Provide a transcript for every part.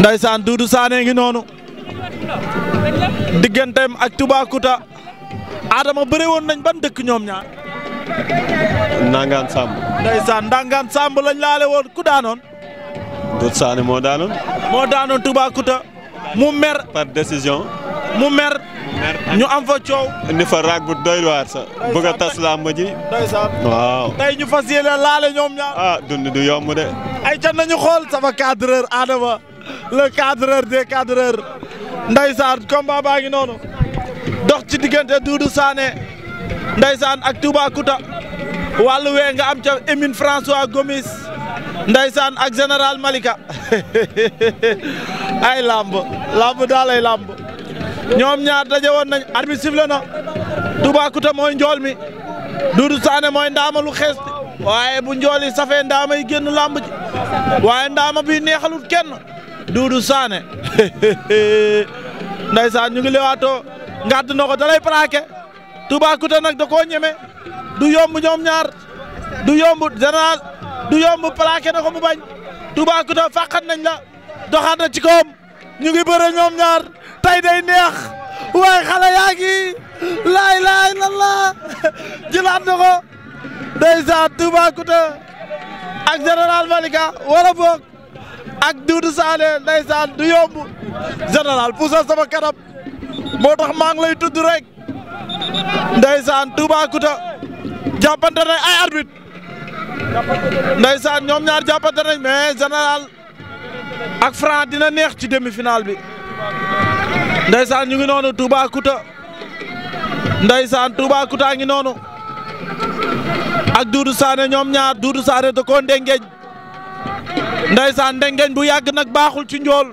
Ndaysaan Doudou Sané ngi noonu digganteem ak Toubacouta Adama bëre woon nañ ban dëkk ñoom ñaar. Ndangaan Samb. Ndaysaan lañ laale woon ku daanoon. Doudou moo daanoon. moo mu mer. décision. mu mer. ñu am fa coow. indi fa raag bu doy sa bëgg a tas làmb ji. waaw. tey ñu fas yéene laale ñoom ñaar. ah du yomb de. ay ca nañu xool sama cadreur Adama le cadreur des cadreurs ndeysaan combat baa ngi noonu dox ci diggante Doudou Sané ndeysaan ak Toubacouta wàllu wee nga am ca Émine François Gomis ndeysaan ak général Malika ay lamb lamb daa lay ñoom ñaar daje woon nañ arbitre sifflé na mooy njool mi Doudou Sané mooy ndaama lu xees waaye bu njool yi safee ndaama yi génn làmb waaye ndaama bi neexalut kenn Doudou Sané ndaysaan ñu ngi lewaatoo ngàdd na ko da lay plaqué Toubacouta ñeme du yomb ñoom ñaar du yomb général du yomb plaqué na ko mu bañ Toubacouta fàqat nañ la doxaat na ci kawam ñu ngi ñoom ñaar tey day neex waaye xale yaa ngi laay laay lan la jëlaat na ko ak général Malika wala boog ak Doudou Sané ndeysaan du yomb général puusal sama kanam moo tax maa ngi lay tudd rek ndeysaan Toubacouta jàppante nañ ay arbitre ndeysaan ñoom ñaar jàppante nañ mais général ak Franc dina neex ci demi-finale bi ndeysaan ñu ngi noonu Toubacouta ndeysaan Toubacouta ngi noonu ak Doudou Sané ñoom ñaar Doudou Sané da koo ndengeñ ndeysaan ndengeñ bu yàgg nag baaxul ci njool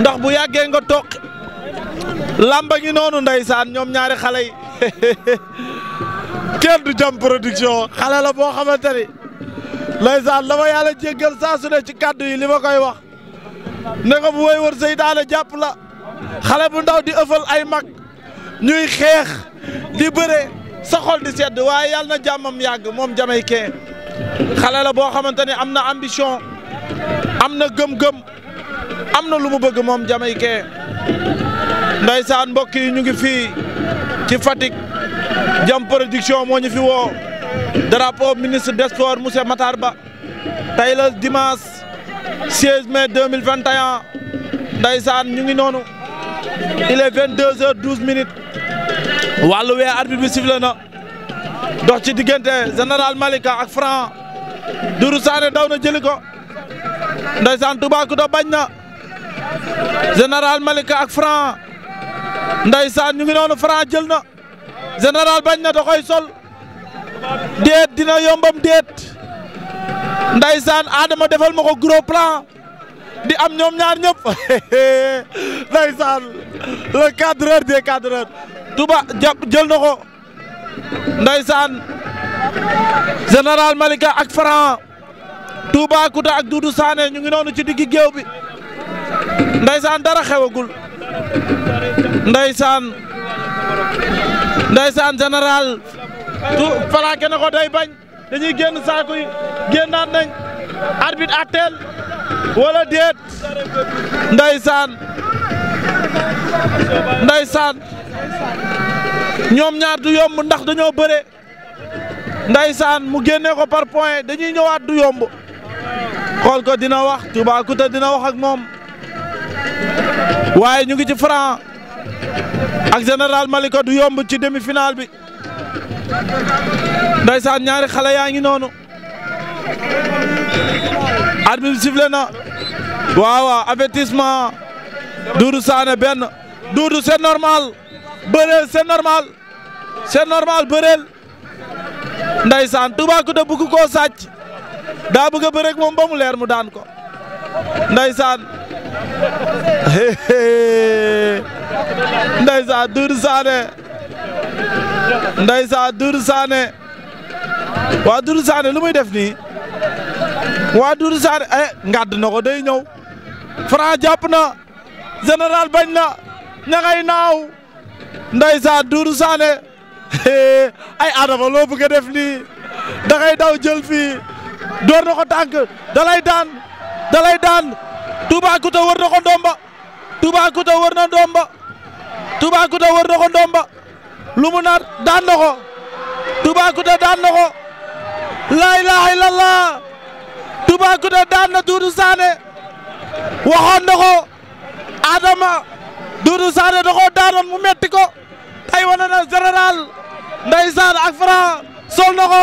ndax bu yàggee nga toq lamba ngi noonu ndeysaan ñoom ñaari xale yi kenn du jam production xale la boo xamante ni ndeysaan dama yàlla jéggal saa su ci kàddu yi li koy wax ne ko bu way wër seytaane jàpp la xale bu ndaw di ëffal ay mag ñuy xeex di bëre sa xol di sedd waaye yàlla na jàmmam yàgg moom Jamaïcain xale la boo xamante ni am na ambition am na gëm-gëm am na lu mu bëgg moom Jamaïcain ndeysaan mbokk yi ñu ngi fii ci Fatick Jam Production moo ñu fi woo drapeau ministre des sports monsieur Matar Ba tey la dimanche 16 mai 2021 ndeysaan ñu ngi noonu il est 22 heures 12 minutes wàllu wee arbitre bi sifflé dox ci diggante général Malika ak Franc Dourou Sané na jëli ko ndeysaan Toubacouta bañ na général Malika ak Franc nday ñu ngi noonu Franc jël na général bañ na da sol déet dina yombam nday saan aadama defal ma ko gros plan di am ñoom ñaar ñëpp ndeysaan le cadreur des cadreurs Touba jàpp jël na ko ndeysaan général Malika ak Franc Touba Kouta ak Doudou Sané ñu ngi noonu ci diggi géew bi ndeysaan dara xewagul ndeysaan ndeysaan général tu plaqué na ko day bañ dañuy génn saako yi génnaat nañ arbitre atteel wala déet ndeysaan ndeysaan ñoom ñaar du yomb ndax dañoo bëre ndeysaan mu génne ko par point dañuy ñëwaat du yomb xool ko dina wax Toubacouta dina wax ak moom waaye ñu ngi ci Franc ak général Malika du yomb ci demi-finale bi ndeysaan ñaari xale yaa ngi noonu sifflé na waaw waaw avertissement Doudou benn Doudou c'est normal bëreel c'est normal c'est normal bëreel ndaysaan Toubacouta bëgg koo sàcc daa bëgg a bëreeg moom ba mu leer mu daan ko ndaysaan ndaysaan Doudou Sané ndaysaan Doudou Sané waa Doudou Sané lu muy def nii waa Doudou Sané eh ngàdd na ko day ñëw Franc na général bañ na ña ngay naaw ndeysaan Doudou Sané ay Adama loo bëgg a lii da daw jël fii door na ko tànk dalay daan dalay daan Toubacouta wër na ko ndomba Toubacouta wër na ndomba Toubacouta wër na ko ndomba lu daan na ko Toubacouta daan na ko laa ilaaha Toubacouta daan na Doudou Sané waxoon na ko Adama Doudou Sané da koo daanoon mu metti ko tey wane na général ndeysaan ak Franc sol na ko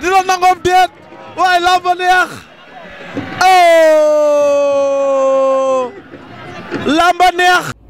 dina nangoom déet waaye lamb neex oh! lamb neex